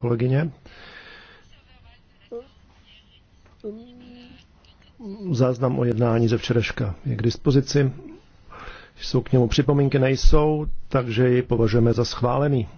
kolegyně. Záznam o jednání ze včereška je k dispozici. Jsou k němu připomínky, nejsou, takže ji považujeme za schválený.